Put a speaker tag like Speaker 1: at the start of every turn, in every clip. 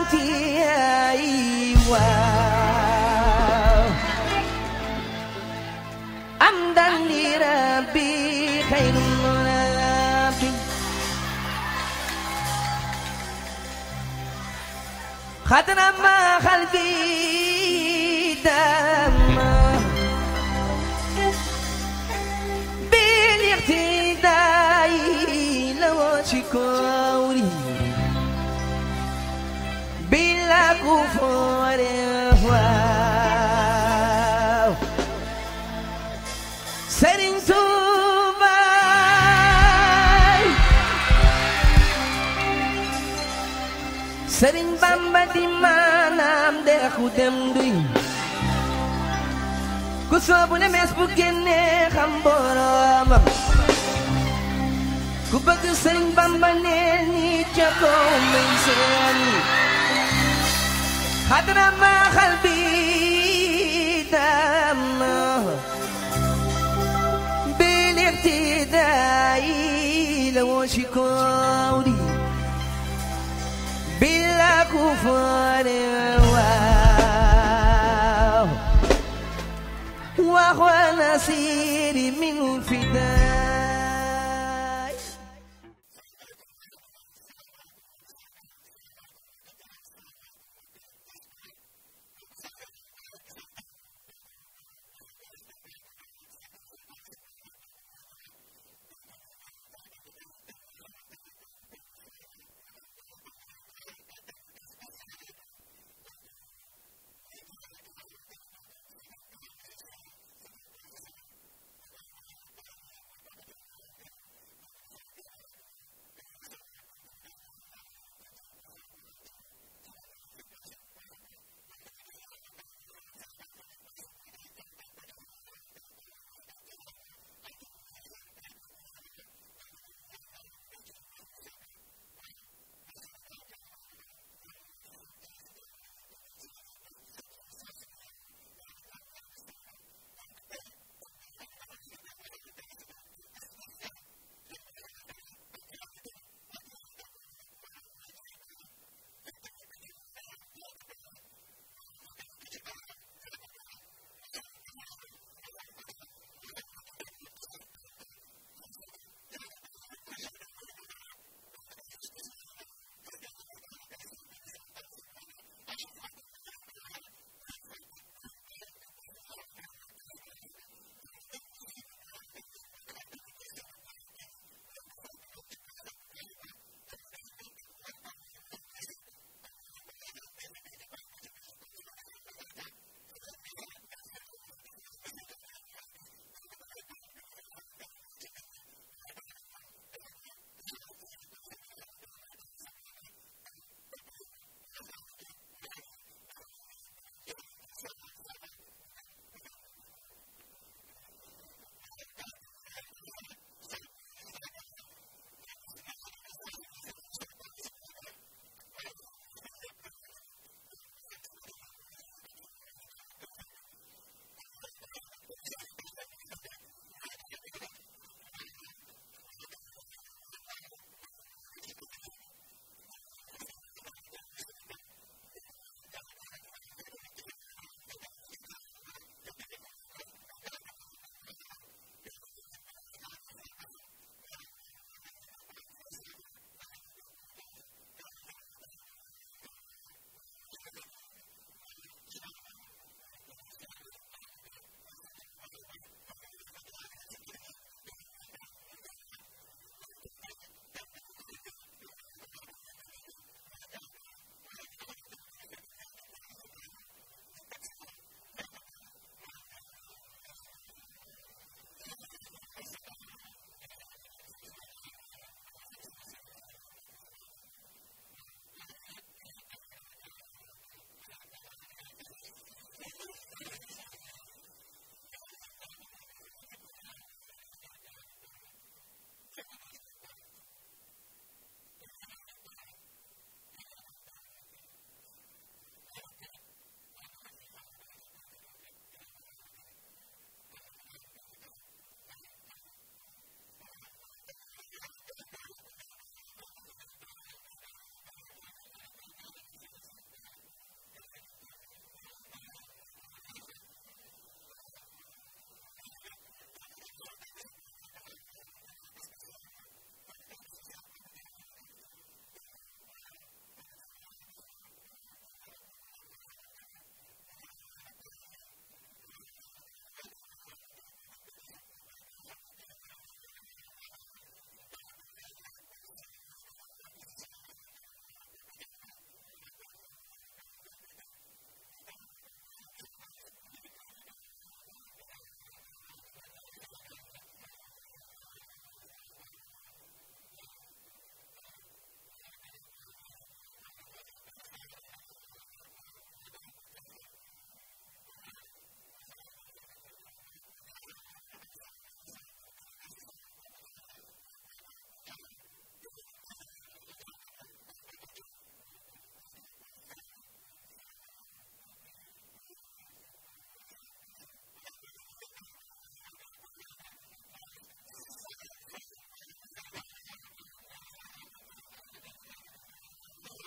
Speaker 1: انت أيوة. خير خدنا ما خلقي sëriñ waaw Serigne Bamba di maanaam deexu dem duy ku soobu ne mees bu génnee xam ku bëgg Serigne Bamba nee ca kaw may ما خلبي دمه بالابتدائي لو شكوري بلا كفر وهو نصيري
Speaker 2: من فداء Thank you.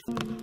Speaker 2: Mm-hmm.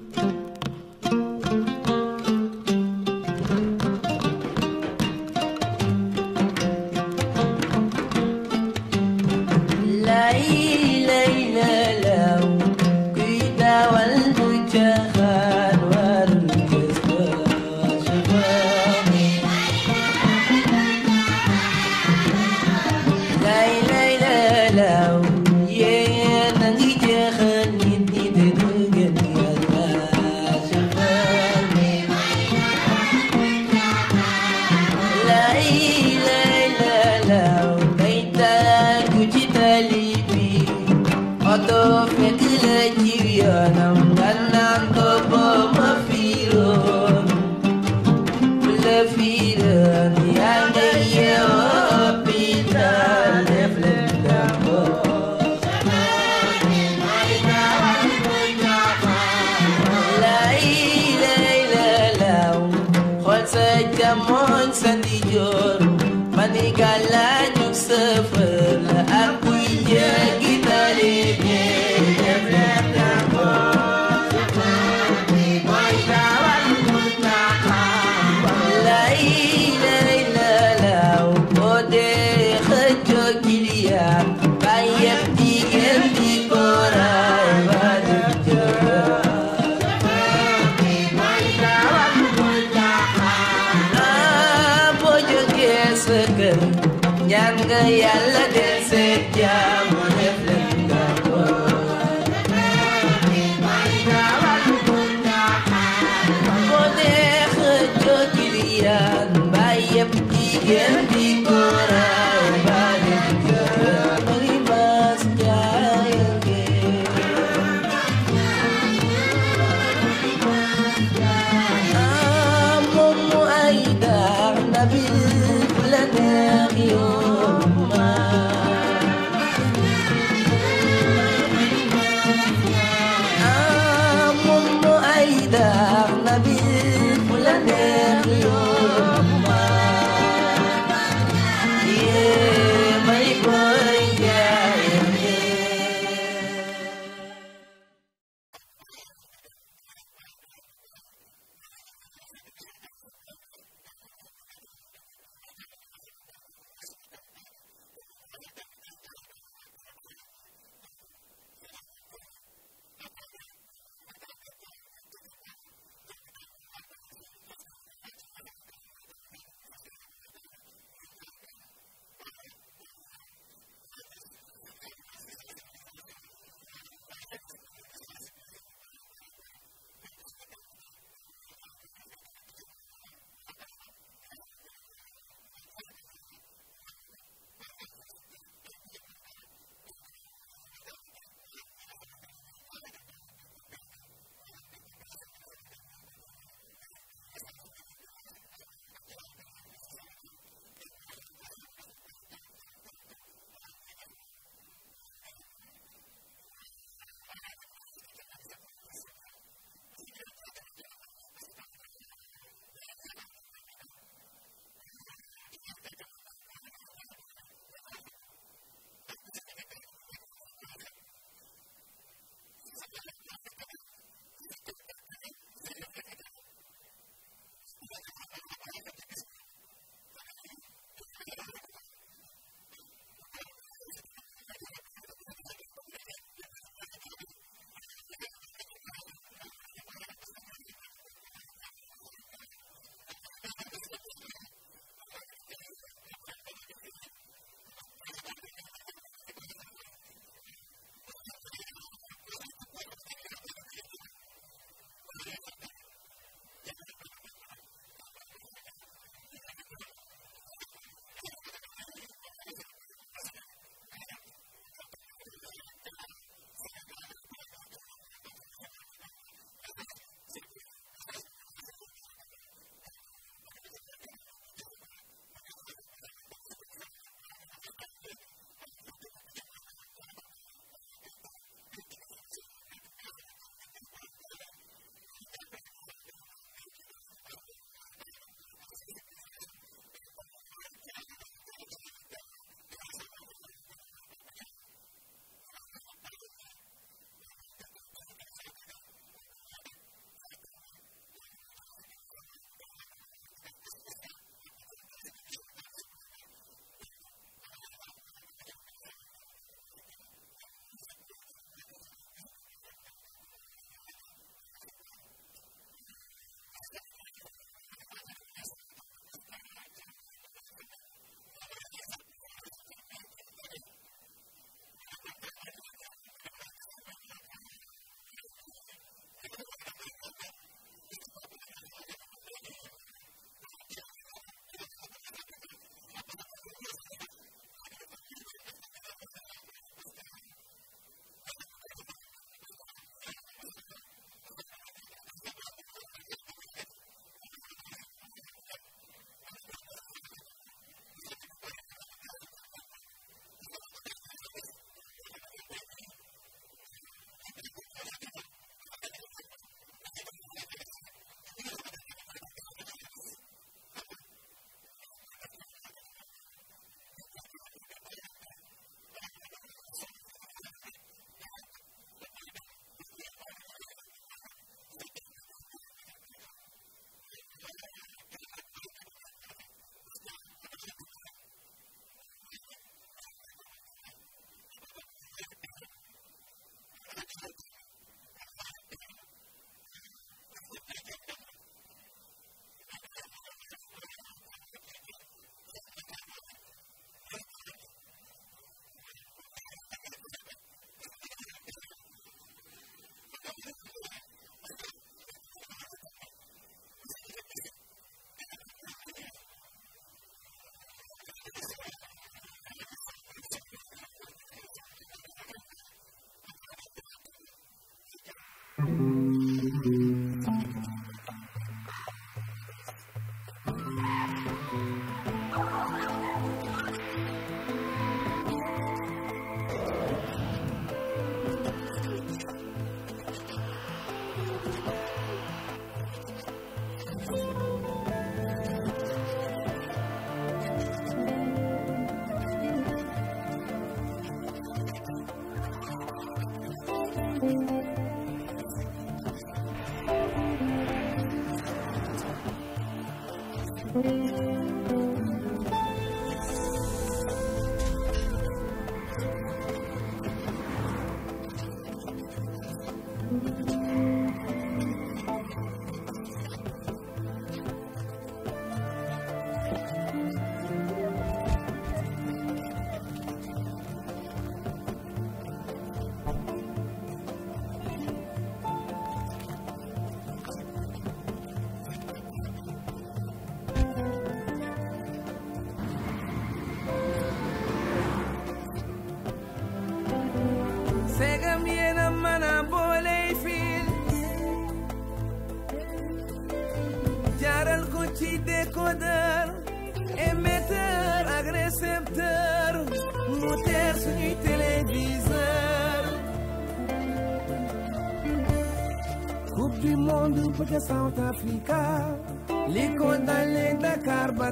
Speaker 2: thank you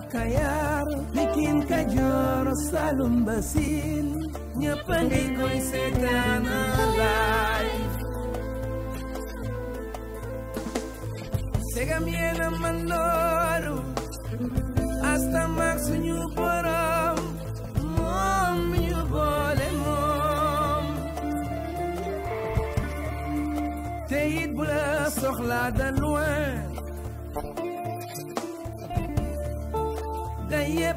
Speaker 1: kayar bikin kayor salum basin nya setana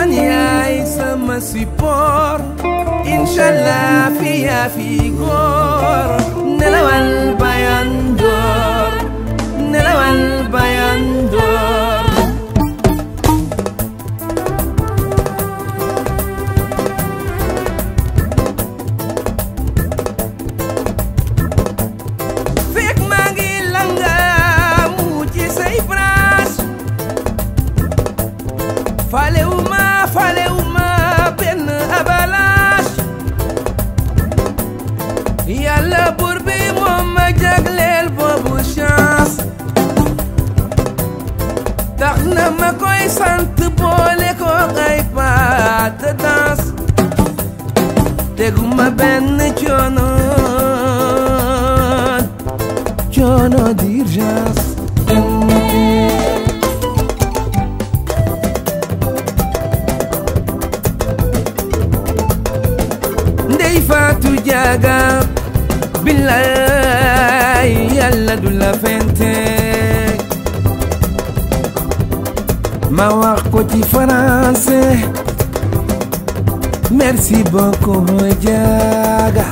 Speaker 1: من عيسى ما سيبور إن شاء الله فيها في غور نلوى البيان دور نلوى البيان دور ndey faatu jaaga billaay yàlla du la fente ma wax ko ci français merci jaaga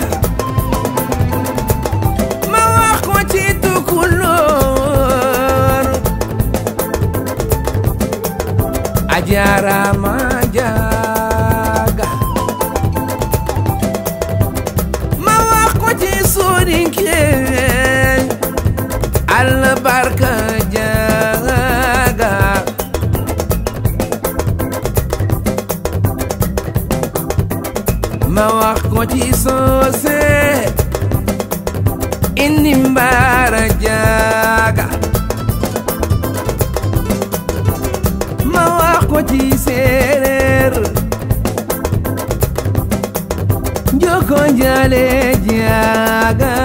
Speaker 1: ma wax ko ci tukulóor Mara Jaaga ma wax ko ci séeréer jaaga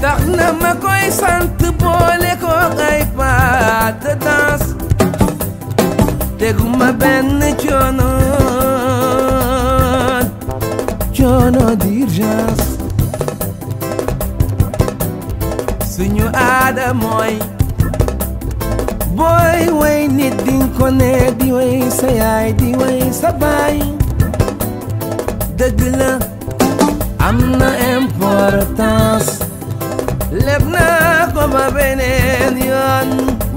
Speaker 1: tax na ma koy sant boole ko ay pas de danse teguma benn coono coono d'urgence suñu aada mooy booy way nit di ko ne di way sa yaay di way sa baay dëgg la am na importance leb naa ko ba beneen yoon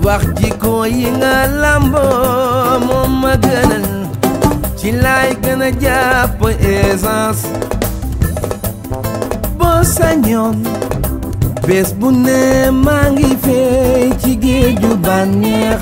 Speaker 1: wax jikko yi nga lamboo moom ma gënal ci laay gën a jàpp essence boo sañoon bés bu ne maa ngi fey ci géeju bànneex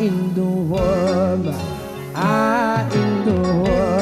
Speaker 1: in the world, I ah, in the world.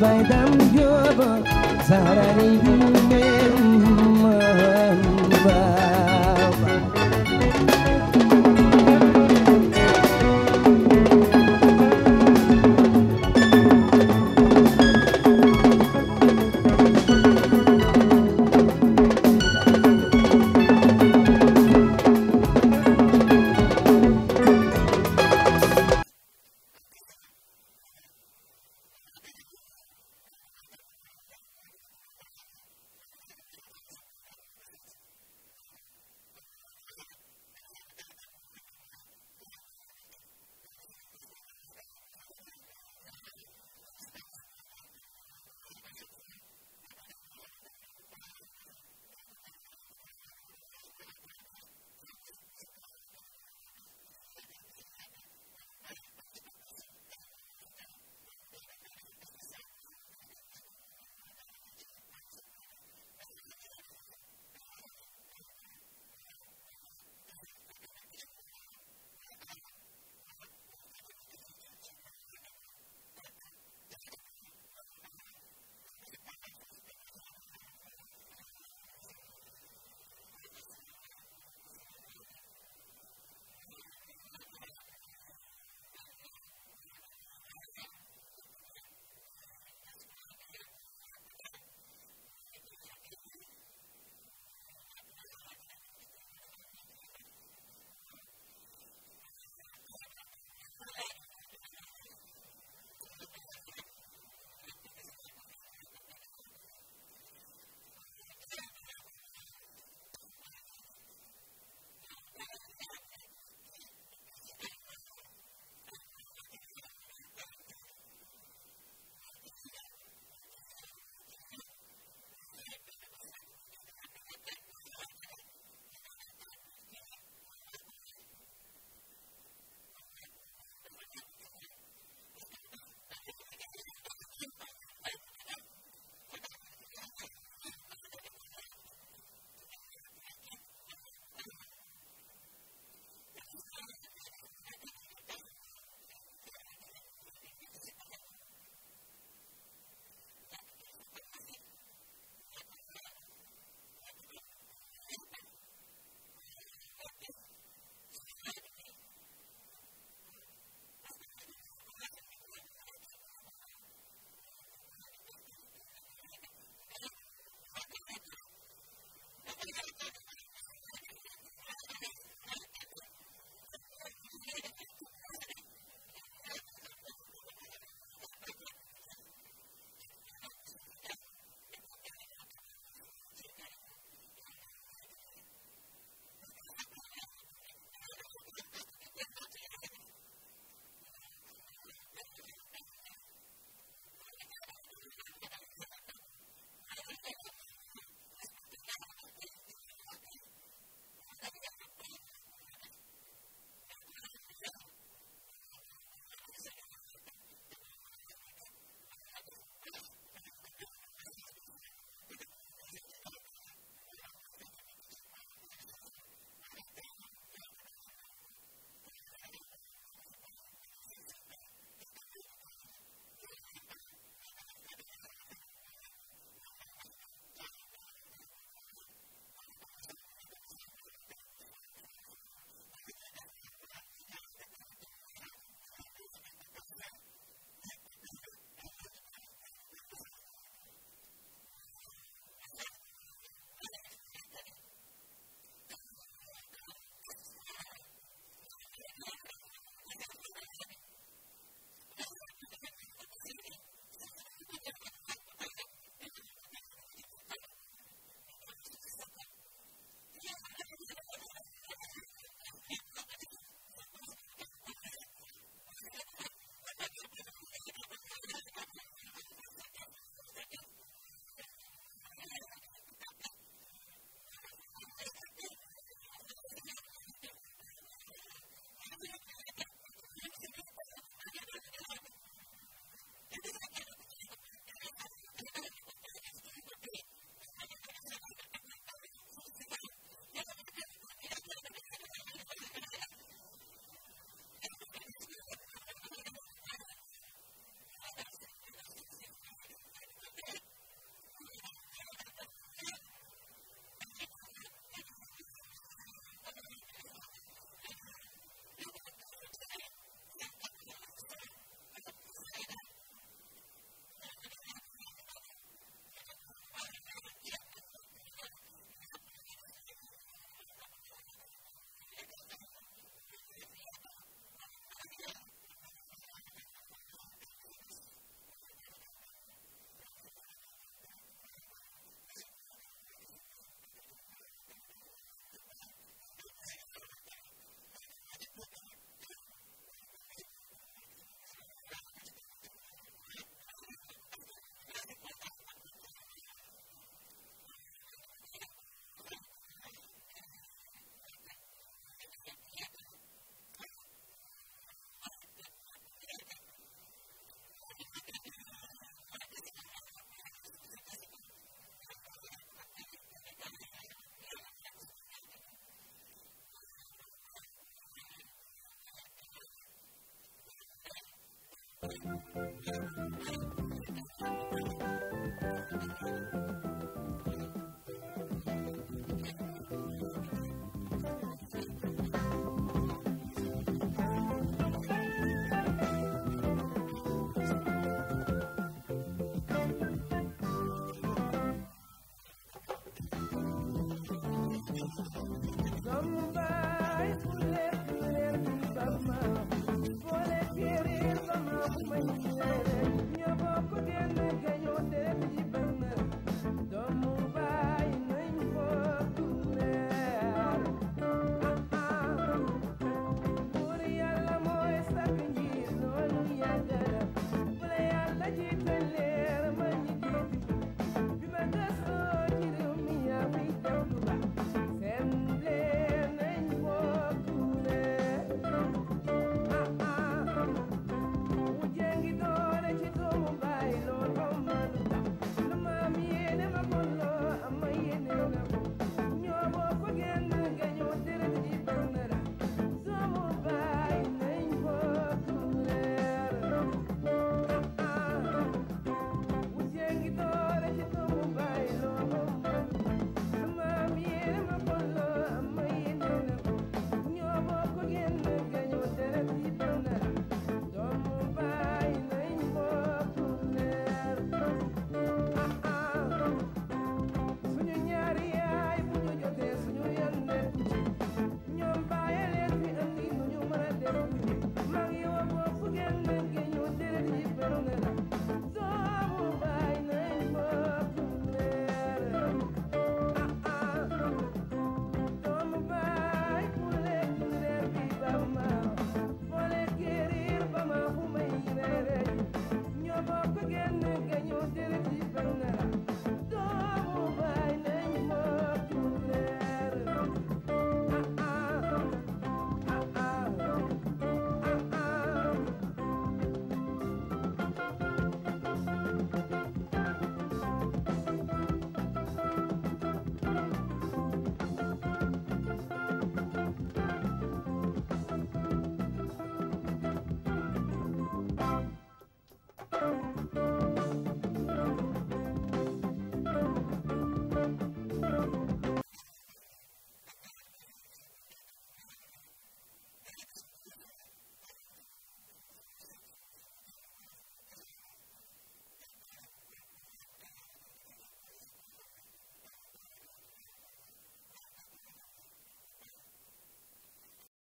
Speaker 1: baidam yobo zarani gumem ba
Speaker 2: フフフフ。